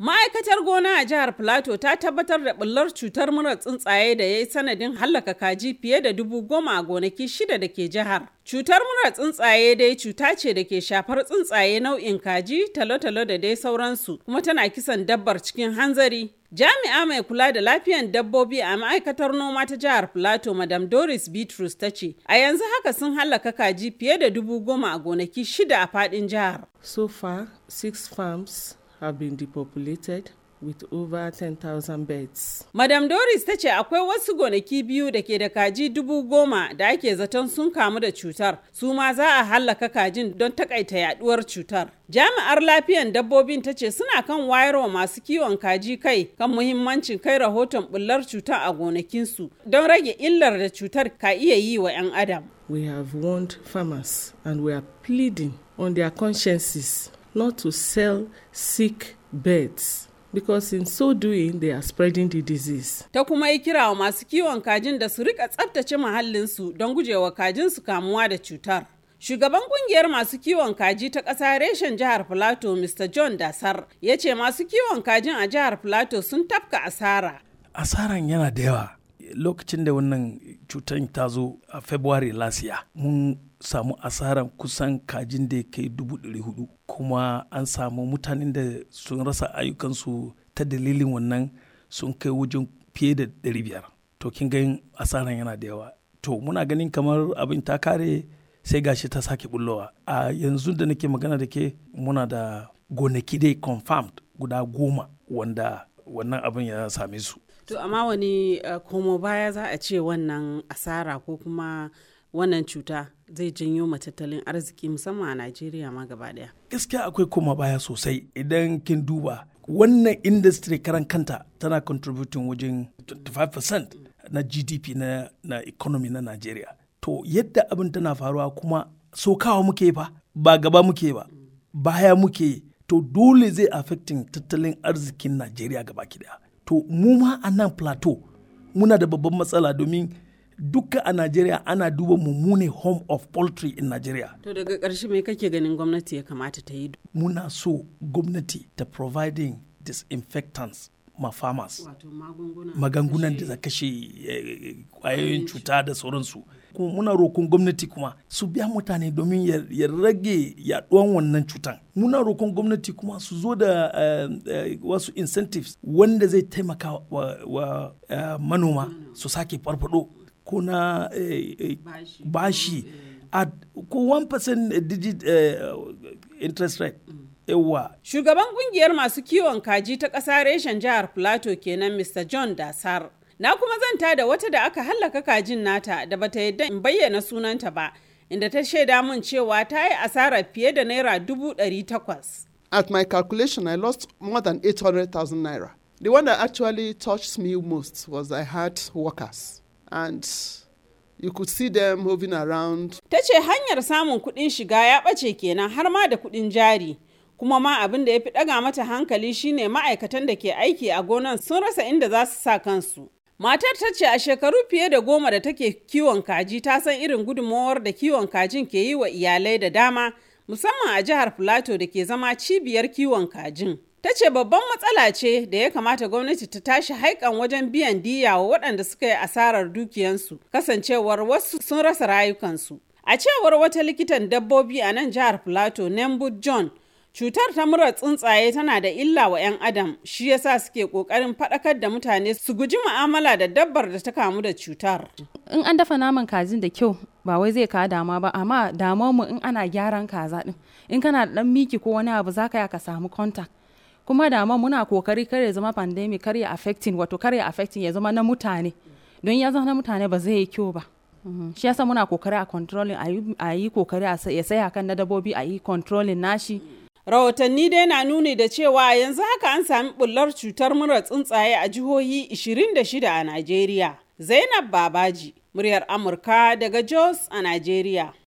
Ma'aikatar gona a jihar Filato ta tabbatar da bullar cutar murar tsuntsaye da ya yi sanadin hallaka kaji fiye da dubu goma a gonaki shida da ke jihar. Cutar murar tsuntsaye dai cuta ce da ke shafar tsuntsaye nau'in kaji, talo-talo da dai sauransu, kuma tana kisan dabbar cikin hanzari. Jami'a mai kula da lafiyan dabbobi a ma'aikatar noma ta jihar Filato, Madam Doris Bitrus ta ce, a yanzu haka sun hallaka kaji fiye da dubu goma a gonaki shida a faɗin jihar. So far, six farms have been depopulated with over 10,000 beds. Madam Doris ta ce akwai wasu gonaki biyu da ke da kaji dubu goma da ake zaton sun kamu da cutar, su ma za a hallaka kajin don takaita yaduwar cutar. Jami'ar lafiyan dabbobin ta ce suna kan wayar wa masu kiwon kaji kai kan muhimmancin kai rahoton bullar cutar a gonakinsu don rage illar da cutar ka iya yi wa 'yan adam. We have warned farmers and we are pleading on their consciences not to sell sick birds. because in so doing they are spreading the disease. Ta kuma yi kira wa masu kiwon kajin da su rika tsabtace muhallinsu don gujewa kajin su kamuwa da cutar. Shugaban kungiyar masu kiwon kaji ta ƙasa reshen jihar Filato Mr. John Dasar ya ce masu kiwon kajin a jihar Filato sun tafka asara. Asaran yana da yawa. Lokacin da wannan cutar ta zo a February last year, mun samu asaran kusan kajin da kai dubu ɗari hudu kuma an samu mutanen da sun rasa ayyukansu ta dalilin wannan sun kai wajen fiye da ɗari biyar to kin ganin asaran yana da yawa to muna ganin kamar abin ta kare sai gashi ta sake bullowa a yanzu da nake magana da ke muna da gonaki dai confirmed guda goma wanda wannan abin ya same su to amma wani eh, komo baya za a ce wannan asara ko kuma wannan cuta zai janyo ma tattalin arziki musamman a Najeriya ma gaba daya. Gaskiya akwai koma baya sosai idan kin duba wannan industry karan kanta tana contributing wajen 25% na GDP na, na economy na Najeriya. To yadda abin tana faruwa kuma sokawa muke ba ba gaba muke ba baya muke to dole zai affecting tattalin arzikin Najeriya gaba ki To mu ma a nan plateau muna da babban matsala domin duka a Najeriya ana duba mummune home of poultry in Najeriya. To daga ƙarshe me kake ganin gwamnati ya kamata ta yi? Muna so gwamnati ta providing disinfectants ma farmers. Magungunan da za kashe eh, kwayoyin cuta da sauransu. Kuma muna roƙon gwamnati kuma su biya mutane domin ya rage yaɗuwan wannan cutan. Muna roƙon gwamnati kuma su zo da eh, eh, wasu incentives wanda zai taimaka wa, manoma su sake farfado. ko na eh, eh, bashi a ko 1% digit eh, interest rate mm. yawa shugaban kungiyar masu kiwon kaji ta ƙasa reshen jihar plato kenan mr john dasar na kuma zanta da wata da aka hallaka kajin nata da bata yadda in bayyana sunanta ba inda ta shaida mun cewa ta yi asarar fiye da naira dubu dari takwas. At my calculation, I lost more than 800,000 naira. The one that actually touched me most was I had workers. and you could see them moving around. Ta ce hanyar samun kuɗin shiga ya ɓace kenan har ma da kuɗin jari. Kuma ma abin da ya fi ɗaga mata hankali shine ma'aikatan da ke aiki a gonan sun rasa inda za su sa kansu. Matar ta ce a shekaru fiye da goma da take kiwon kaji ta san irin gudunmawar da kiwon kajin ke yi wa iyalai da dama musamman a jihar Filato da ke zama cibiyar kiwon kajin. ta ce babban matsala ce da ya kamata gwamnati ta tashi haikan wajen biyan diya wa waɗanda suka yi asarar dukiyansu kasancewar wasu sun rasa rayukansu a cewar wata likitan dabbobi a nan jihar plateau nembu john cutar ta mura tsuntsaye tana da illa wa 'yan adam shi yasa suke kokarin fadakar da mutane su guji mu'amala da dabbar da ta kamu da cutar in an dafa naman kazin da kyau ba wai zai ka dama ba amma damuwar mu in ana gyaran kaza din in kana dan miki ko wani abu zaka ya ka samu contact kuma da ma muna kokari kar ya zama pandemic kar ya affecting wato kar ya affecting ya zama na mutane don ya zama na mutane ba zai yi kyau ba mhm. shi yasa muna kokari a controlling a yi kokari ya sai kan na dabobi a yi controlling nashi rahotanni dai na nuni da cewa yanzu haka an sami bullar cutar mura tsuntsaye a jihohi 26 a najeriya zainab babaji muryar amurka daga jos a najeriya